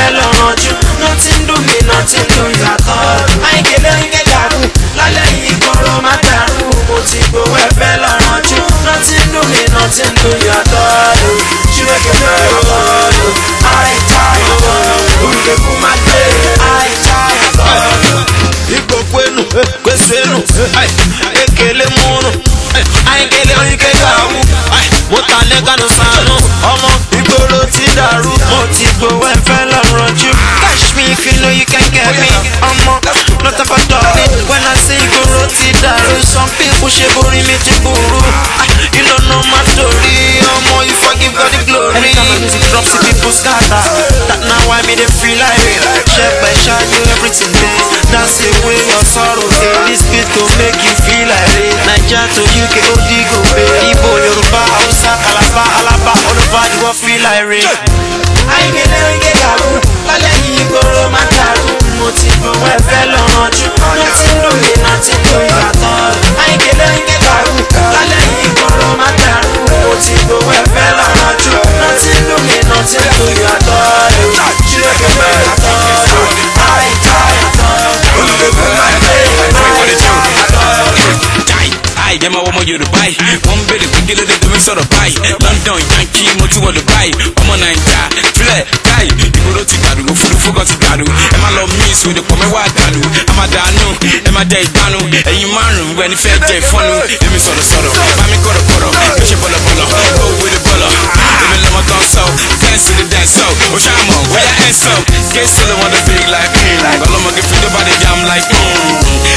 hello me, I'm on, no time for When I say go roti daru, some people she bury me to buru. Ah, you don't know my story, I'm on, you forgive God the glory. Every drops, see people scatter. That now why me they feel like it. Share by share, do everything this. Dance away your sorrow, say this beat to make you feel like it. Niger to UK, Odigo, Igbo, Yoruba, Hausa, Calabar, Alaba, all over the world feel like it. You the the one bit of London, Yankee, I'm a guy. Flat 모유를 바이 원비를 믿기를 내두면 서로 바이 런던 양키 모두어를 바이 어머 나 인자 플레 가이 입으로 지가루 후루후가 지가루 에마 러미 소리 봄에 와다루 아마 다누 에마 데이 다누 에이 마루 웬이 페제 폰우 에미 서로 서로 밤이 걸어 걸어 끝이 벌어 벌어 go with the bullet me let my thoughts so dance to the dance so wish I'm on where I am so get silly on the big like mm, like all of my get feel the body jam like mm.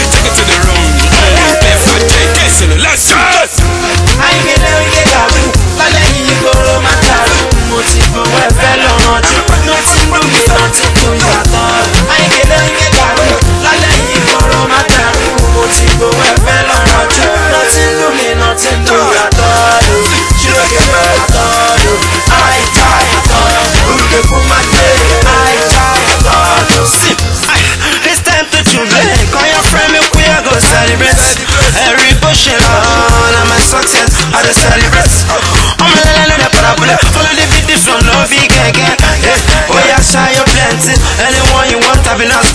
go celebrate. Every push portion of my success, I go celebrate. I'm let a little bit of a follow the beat, video from Novi Gege. Oh, yeah, shy, you're plenty. Anyone you want, I've been asked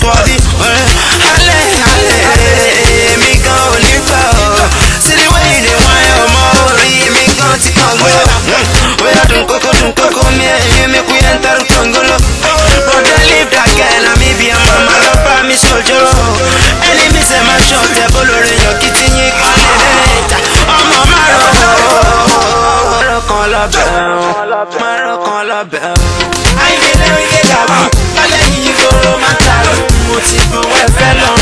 lọ́bẹ̀ o márùn kan lọ́bẹ̀ o. ayé lẹ́yìn làwọn lọ́lẹ́yìn ìgboro máa ta ló mo ti gbowó ẹ̀fẹ́ lọ́rùn.